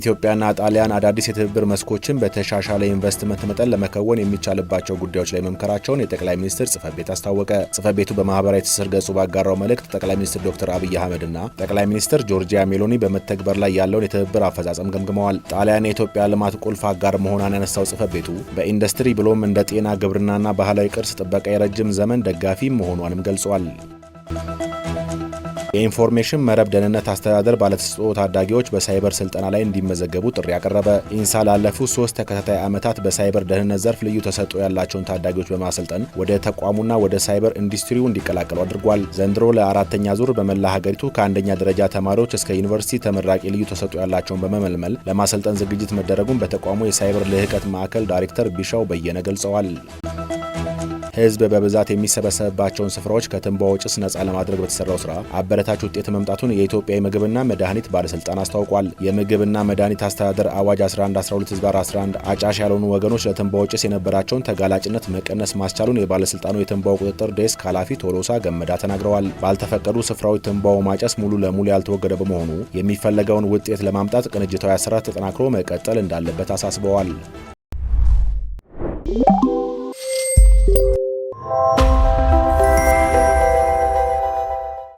ኢትዮጵያና ጣሊያን አዳዲስ የትብብር መስኮችን በተሻሻለ ኢንቨስትመንት መጠን ለመከወን የሚቻልባቸው ጉዳዮች ላይ መምከራቸውን የጠቅላይ ሚኒስትር ጽህፈት ቤት አስታወቀ። ጽህፈት ቤቱ በማህበራዊ ትስስር ገጹ ባጋራው መልእክት ጠቅላይ ሚኒስትር ዶክተር አብይ አህመድና ጠቅላይ ሚኒስትር ጆርጂያ ሜሎኒ በመተግበር ላይ ያለውን የትብብር አፈጻጸም ገምግመዋል። ጣሊያን የኢትዮጵያ ልማት ቁልፍ አጋር መሆኗን ያነሳው ጽህፈት ቤቱ በኢንዱስትሪ ብሎም እንደ ጤና፣ ግብርናና ባህላዊ ቅርስ ጥበቃ የረጅም ዘመን ደጋፊ መሆኗንም ገልጿል። የኢንፎርሜሽን መረብ ደህንነት አስተዳደር ባለተሰጥኦ ታዳጊዎች በሳይበር ስልጠና ላይ እንዲመዘገቡ ጥሪ አቀረበ። ኢንሳ ላለፉት ሶስት ተከታታይ ዓመታት በሳይበር ደህንነት ዘርፍ ልዩ ተሰጥኦ ያላቸውን ታዳጊዎች በማሰልጠን ወደ ተቋሙና ወደ ሳይበር ኢንዱስትሪው እንዲቀላቀሉ አድርጓል። ዘንድሮ ለአራተኛ ዙር በመላ ሀገሪቱ ከአንደኛ ደረጃ ተማሪዎች እስከ ዩኒቨርሲቲ ተመራቂ ልዩ ተሰጥኦ ያላቸውን በመመልመል ለማሰልጠን ዝግጅት መደረጉን በተቋሙ የሳይበር ልህቀት ማዕከል ዳይሬክተር ቢሻው በየነ ገልጸዋል። ህዝብ በብዛት የሚሰበሰብባቸውን ስፍራዎች ከትንባው ጭስ ነጻ ለማድረግ በተሰራው ስራ አበረታች ውጤት መምጣቱን የኢትዮጵያ የምግብና መድኃኒት ባለስልጣን አስታውቋል። የምግብና መድኃኒት አስተዳደር አዋጅ 1112/11 አጫሽ ያልሆኑ ወገኖች ለትንባው ጭስ የነበራቸውን ተጋላጭነት መቀነስ ማስቻሉን የባለስልጣኑ የትንባው ቁጥጥር ዴስክ ኃላፊ ቶሎሳ ገመዳ ተናግረዋል። ባልተፈቀዱ ስፍራዎች ትንባው ማጨስ ሙሉ ለሙሉ ያልተወገደ በመሆኑ የሚፈለገውን ውጤት ለማምጣት ቅንጅታዊ አሰራር ተጠናክሮ መቀጠል እንዳለበት አሳስበዋል።